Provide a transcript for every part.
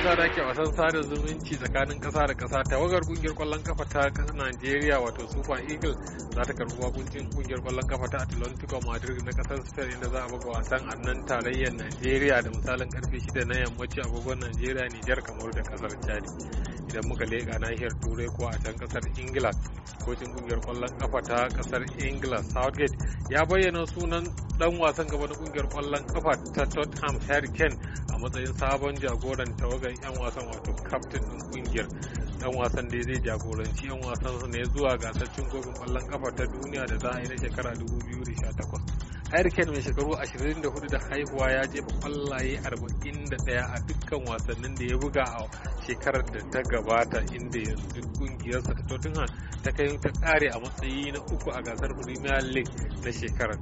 kasa da ke wasan sada zumunci tsakanin kasa da kasa tawagar kungiyar kwallon kafa ta Najeriya wato Super Eagle za ta karbi wakuncin kungiyar kwallon kafa ta Atlantico Madrid na kasar Spain inda za a buga wasan a nan tarayyar Najeriya da misalin karfe shida na yammaci agogon Najeriya Nijar kamar da kasar Chad. idan muka leƙa nahiyar turai ko a can kasar ingila kocin kungiyar kwallon kafa ta kasar ingila southgate ya bayyana sunan dan wasan gaba na kungiyar kwallon kafa ta tottenham harry kane matsayin sabon jagoran tawagar 'yan wasan wato captain din ƙungiyar yan wasan da zai jagoranci 'yan wasan su ne zuwa gasar cin kofin ƙwallon kafa ta duniya da za a yi na shekara 2018 Harry Kane mai shekaru 24 da haihuwa ya jefa kwallaye 41 a dukkan wasannin da ya buga a shekarar da ta gabata inda yanzu kungiyarsa ta Tottenham ta kai ta kare a matsayi na uku a gasar Premier League na shekarar.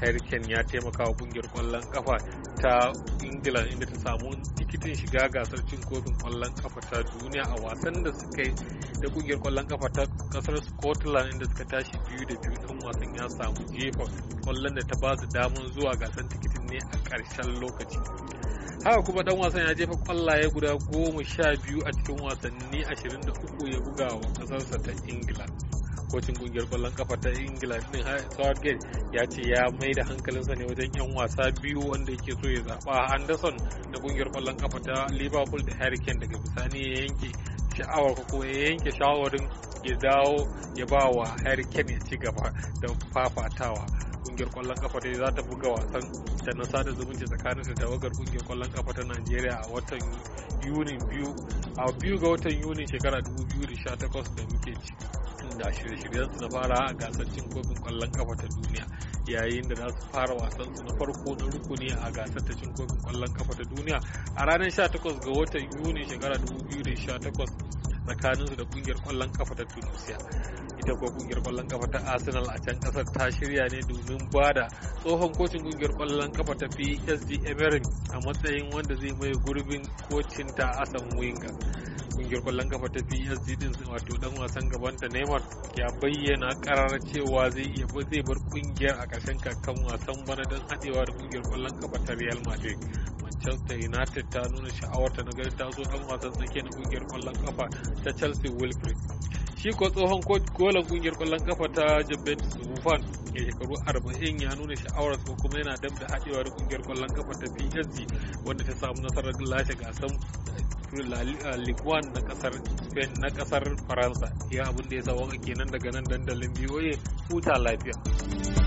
Harry Kane ya taimaka wa kungiyar kwallon kafa ta Ingila inda ta samu tikitin shiga gasar cin kofin kwallon kafa ta duniya a wasan da suka yi da kungiyar kwallon kafa ta kasar Scotland inda suka tashi biyu da biyu dan wasan ya samu jefa kwallon da ta ba su damar zuwa gasar tikitin ne a karshen lokaci. haka kuma dan wasan ya jefa kwallaye guda goma sha biyu a cikin wasanni ashirin da uku ya buga wa kasarsa ta ingila kocin kungiyar kwallon kafa ta ingila din southgate ya ce ya mai da hankalinsa ne wajen yan wasa biyu wanda yake so ya zaba anderson na kungiyar kwallon kafa ta liverpool da harry kane daga bisani ya yanke sha'awar ko ya yanke shawarin ya dawo ya ba wa harry kane ya ci gaba da fafatawa kungiyar kwallon kafa ta za ta buga wasan da na sada zumunci tsakanin da tawagar kungiyar kwallon kafa ta Najeriya a watan Yuni biyu a biyu ga watan Yuni shekara 2018 da muke ciki. da shirye-shiryen su na fara a gasar cin kofin kwallon kafa ta duniya yayin da za su fara wasan su na farko na rukuni a gasar ta cin kofin kwallon kafa ta duniya a ranar 18 ga watan yuni shekara 2018 su da kungiyar kwallon kafa ta tunisia ita kuwa kungiyar kwallon kafa ta arsenal a can kasar ta shirya ne domin ba da tsohon kocin kungiyar kwallon kafa ta psg emirin a matsayin wanda zai mai gurbin kocin ta asan winga kungiyar kwallon kafa ta PSG din wato dan wasan gaban ta Neymar ya bayyana karar cewa zai iya zai bar kungiyar a ƙarshen kakan wasan bana don haɗewa da kungiyar kwallon kafa ta Real Madrid. Manchester United ta nuna sha'awarta na ganin zo dan wasan tsakiya na kungiyar kwallon kafa ta Chelsea Wilfred. Shi ko tsohon golan kungiyar kwallon kafa ta Juventus Buffon ya shekaru 40 ya nuna sha'awar su kuma yana dab da haɗewa da kungiyar kwallon kafa ta PSG wanda ta samu nasarar lashe gasan Liguan na kasar Spain na kasar Faransa. Ya abin da ya sa waka kenan daga nan dandalin BOA huta lafiya.